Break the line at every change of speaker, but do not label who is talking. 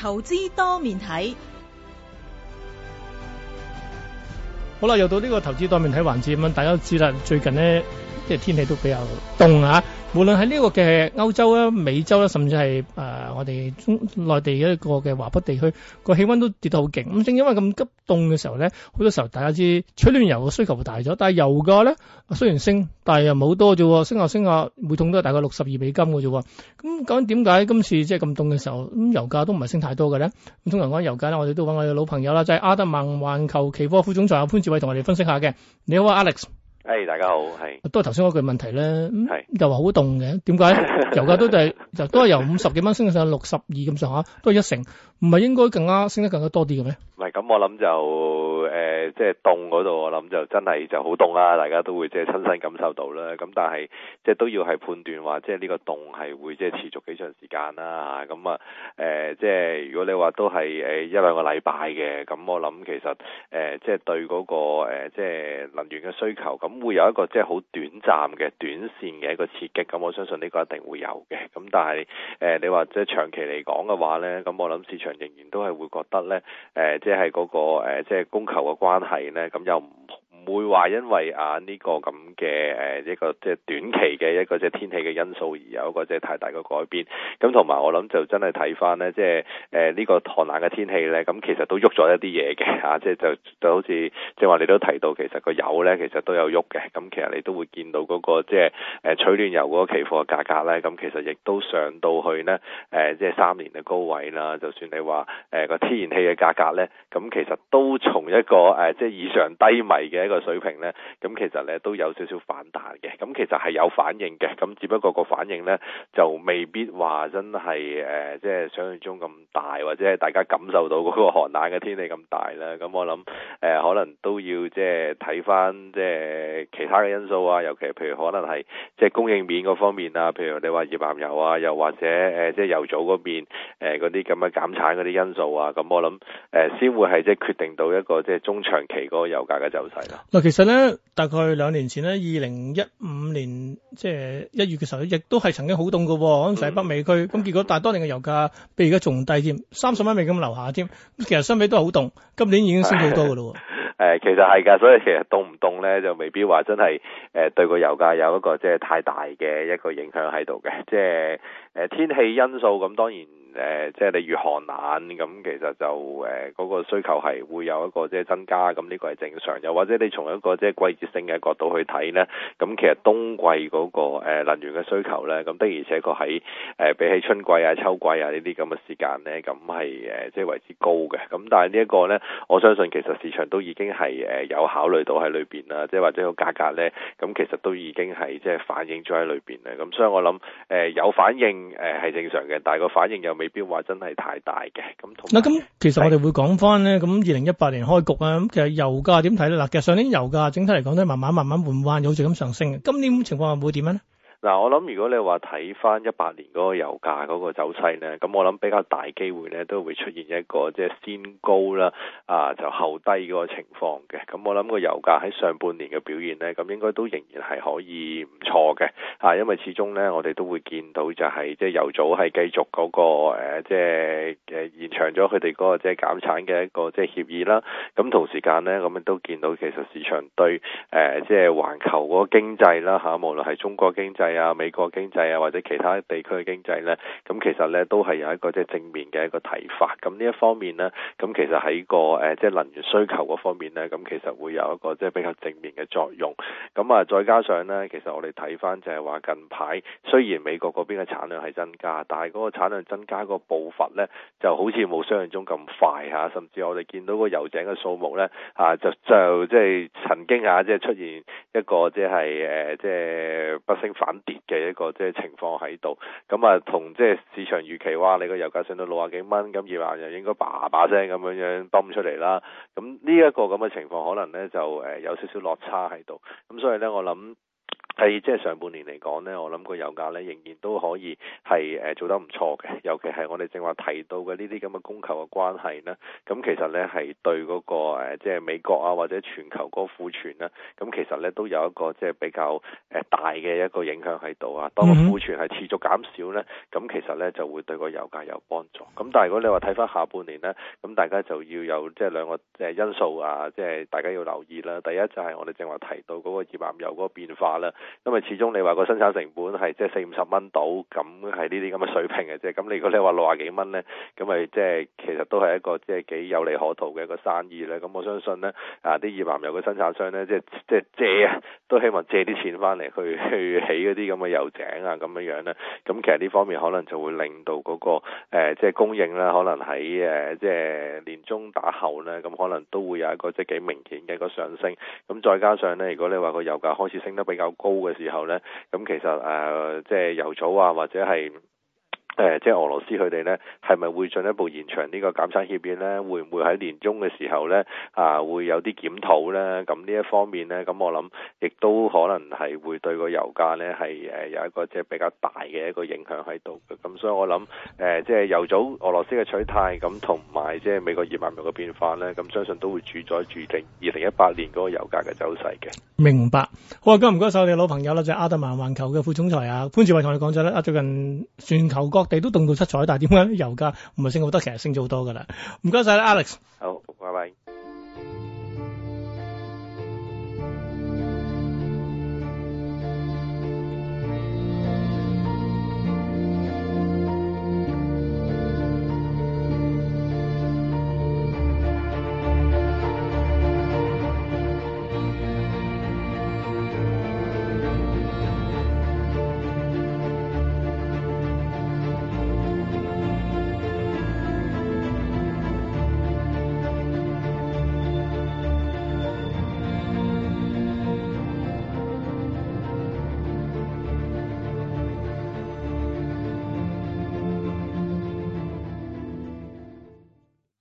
投資多面體，好啦，又到呢個投資多面體環節咁樣，大家都知啦，最近咧。即係天氣都比較凍嚇、啊，無論喺呢個嘅歐洲啦、啊、美洲啦、啊，甚至係誒、呃、我哋中內地一個嘅華北地區，個氣温都跌到好勁。咁正因為咁急凍嘅時候咧，好多時候大家知取暖油嘅需求大咗，但係油價咧雖然升，但係又冇多啫，升下升下，每桶都係大概六十二美金嘅啫。咁究竟點解今次即係咁凍嘅時候，咁油價都唔係升太多嘅咧？咁通常講油價咧，我哋都揾我哋老朋友啦，就係、是、阿德曼環球期貨副總裁阿潘志偉同我哋分析下嘅。
你好啊，Alex。誒，hey，大家
好，係都係頭先嗰句問題咧，係、嗯、是又話好凍嘅，點解 油價都係，都係由五十幾蚊升到上六十二咁上下，都係一成，唔係應該更加升得更加多啲嘅咩？
唔係咁，我諗就誒、呃，即係凍嗰度，我諗就真係就好凍啦，大家都會即係親身感受到啦。咁但係即係都要係判斷話，即係呢個凍係會即係持續幾長時間啦。咁啊誒，即係如果你話都係誒一兩個禮拜嘅，咁、嗯、我諗其實誒、呃、即係對嗰、那個、呃、即係能源嘅需求，咁、嗯、會有一個即係好短暫嘅、短線嘅一個刺激。咁、嗯、我相信呢個一定會有嘅。咁、嗯、但係誒、呃，你話即係長期嚟講嘅話咧，咁、嗯、我諗市場仍然都係會覺得咧誒、呃，即即係嗰、嗰個誒、呃，即係供求嘅關係咧，咁又唔會話因為啊呢、這個咁嘅誒一個即係短期嘅一個即係天氣嘅因素而有一個即係太大嘅改變，咁同埋我諗就真係睇翻咧，即係誒呢、就是，個寒冷嘅天氣咧，咁其實都喐咗一啲嘢嘅嚇，即係就是、就好似即係話你都提到其實個油咧，其實都有喐嘅，咁其實你都會見到嗰個即係誒取暖油嗰個期貨嘅價格咧，咁其實亦都上到去呢，誒即係三年嘅高位啦，就算你話誒個天然氣嘅價格咧，咁其實都從一個誒即係異常低迷嘅一個。水平咧，咁其實咧都有少少反彈嘅，咁其實係有反應嘅，咁只不過個反應咧就未必話真係誒，即、呃、係想像中咁大，或者係大家感受到嗰個寒冷嘅天氣咁大啦。咁、嗯、我諗誒、呃，可能都要即係睇返即係其他嘅因素啊，尤其譬如可能係即係供應面嗰方面啊，譬如你話頁岩油啊，又或者誒即係油組嗰邊嗰啲咁嘅減產嗰啲因素啊，咁我諗誒先會係即係決定到一個即係、呃、中長期嗰個油價嘅走勢啦、啊。
嗱，其實咧，大概兩年前咧，二零一五年即係一月嘅時候，亦都係曾經好凍噶，喺北美區。咁、嗯、結果，但係當年嘅油價比而家仲低添，三十蚊美金樓下添。其實相比都係好凍，今年已經升好多噶
啦。誒、 呃，其實係噶，所以其實凍唔凍咧，就未必話真係誒、呃、對個油價有一個即係太大嘅一個影響喺度嘅。即係誒、呃、天氣因素，咁、嗯、當然。誒，即係、呃就是、你越寒冷咁、嗯，其實就誒嗰、呃那個需求係會有一個即係、就是、增加，咁呢個係正常。又或者你從一個即係、就是、季節性嘅角度去睇咧，咁、嗯、其實冬季嗰、那個、呃、能源嘅需求咧，咁、嗯、的而且確喺誒、呃、比起春季啊、秋季啊呢啲咁嘅時間咧，咁係誒即係為之高嘅。咁、嗯、但係呢一個咧，我相信其實市場都已經係誒、呃、有考慮到喺裏邊啦，即係或者個價格咧，咁、嗯、其實都已經係即係反映咗喺裏邊啦。咁、嗯、所以我諗誒有反應誒係正常嘅，但係個反應又。未必話真係太大嘅咁
同。嗱，咁其實我哋會講翻咧，咁二零一八年開局啊，咁的其實油價點睇咧？嗱，其實上年油價整體嚟講都係慢慢慢慢緩慢有序咁上升嘅。今年情況會點樣咧？
嗱，我諗如果你話睇翻一八年嗰個油價嗰個走勢咧，咁我諗比較大機會咧都會出現一個即係先高啦，啊就後低嗰個情況嘅。咁我諗個油價喺上半年嘅表現咧，咁應該都仍然係可以唔錯嘅，啊，因為始終咧我哋都會見到就係、是、即係油組係繼續嗰、那個誒、呃、即係誒延長咗佢哋嗰個即係減產嘅一個即係協議啦。咁、啊、同時間咧，咁、嗯、都見到其實市場對誒、呃、即係環球嗰個經濟啦吓，無論係中國經濟。啊，美國經濟啊，或者其他地區嘅經濟咧，咁其實咧都係有一個即係正面嘅一個睇法。咁呢一方面咧，咁其實喺個誒即係能源需求嗰方面咧，咁其實會有一個即係比較正面嘅作用。咁啊，再加上咧，其實我哋睇翻就係話近排，雖然美國嗰邊嘅產量係增加，但係嗰個產量增加個步伐咧，就好似冇想象中咁快吓，甚至我哋見到個油井嘅數目咧，啊就就即係曾經啊，即係出現一個即係誒即係不升反跌嘅一個即係情況喺度。咁啊，同即係市場預期話你個油價升到六十幾蚊，咁熱蘭又應該叭叭聲咁樣樣泵出嚟啦。咁呢一個咁嘅情況可能咧就誒有少少落差喺度。咁所因為呢，我諗，係即係上半年嚟講呢，我諗個油價呢仍然都可以係誒做得唔錯嘅。尤其係我哋正話提到嘅呢啲咁嘅供求嘅關係咧，咁其實呢係對嗰個即係美國啊或者全球嗰個庫存啦。咁其實呢都有一個即係比較誒大嘅一個影響喺度啊。當個庫存係持續減少呢，咁其實呢就會對個油價有幫助。咁但係如果你話睇翻下半年呢，咁大家就要有即係兩個因素啊，即係大家要留意啦。第一就係我哋正話提到嗰個頁岩油嗰個變化啦。因為始終你話個生產成本係即係四五十蚊到，咁係呢啲咁嘅水平嘅啫。咁如果你話六十幾蚊咧，咁咪即係其實都係一個即係幾有利可圖嘅一個生意咧。咁我相信咧，啊啲頁岩油嘅生產商咧，即係即係借啊，都希望借啲錢翻嚟去去起嗰啲咁嘅油井啊，咁樣樣咧。咁其實呢方面可能就會令到嗰、那個、呃、即係供應咧，可能喺誒即係年中打後咧，咁可能都會有一個即係幾明顯嘅個上升。咁再加上咧，如果你話個油價開始升得比較高，高嘅時候咧，咁其實誒，即、呃、係、就是、油草啊，或者係。誒，即係俄羅斯佢哋咧，係咪會進一步延長呢個減產協議咧？會唔會喺年中嘅時候咧，啊，會有啲檢討咧？咁呢一方面咧，咁我諗亦都可能係會對個油價咧係誒有一個即係比較大嘅一個影響喺度嘅。咁所以我諗誒，即係由早俄羅斯嘅取態，咁同埋即係美國二萬六嘅變化咧，咁相信都會主宰住定二零一八年嗰個油價嘅走勢嘅。
明白。好啊，今日唔該晒我哋老朋友啦，就係阿德曼環球嘅副總裁啊潘志偉同你講咗啦。啊，最近全球各地都凍到七彩，但係點解油價唔係升好多？其實升咗好多㗎啦！唔該晒啦，Alex。好，拜拜。